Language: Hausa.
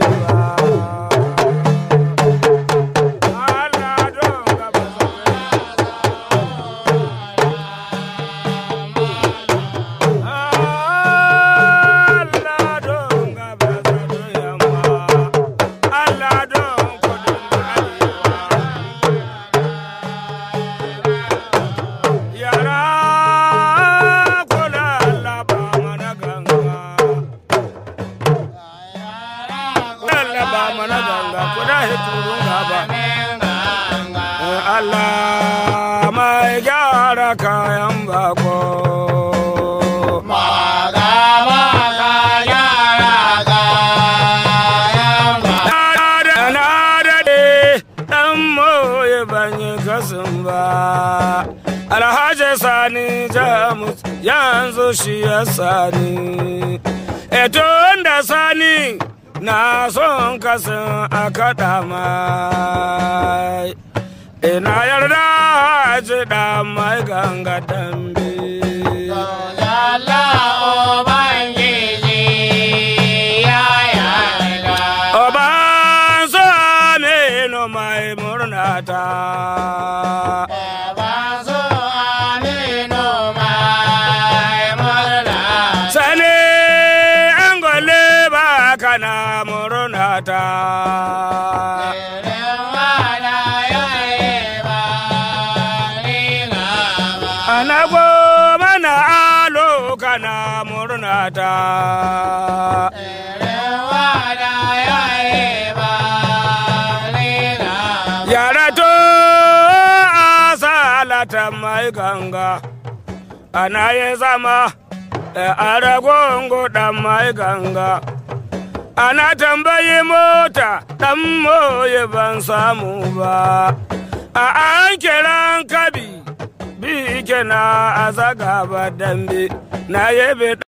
Bye. gasin ba alhaji sani jamus yanzu shi ya sani eto da sani na son kasin a kaɗa mai ina yarda ji da mai ganga na murna ta. a salata mai ganga, ana yi zama eh, a ragongo ɗan mai ganga. Ana tambayi mota ɗan moye ban samu ba, a an kiran kabi bi kena a zaga ba dambe. Now, yeah,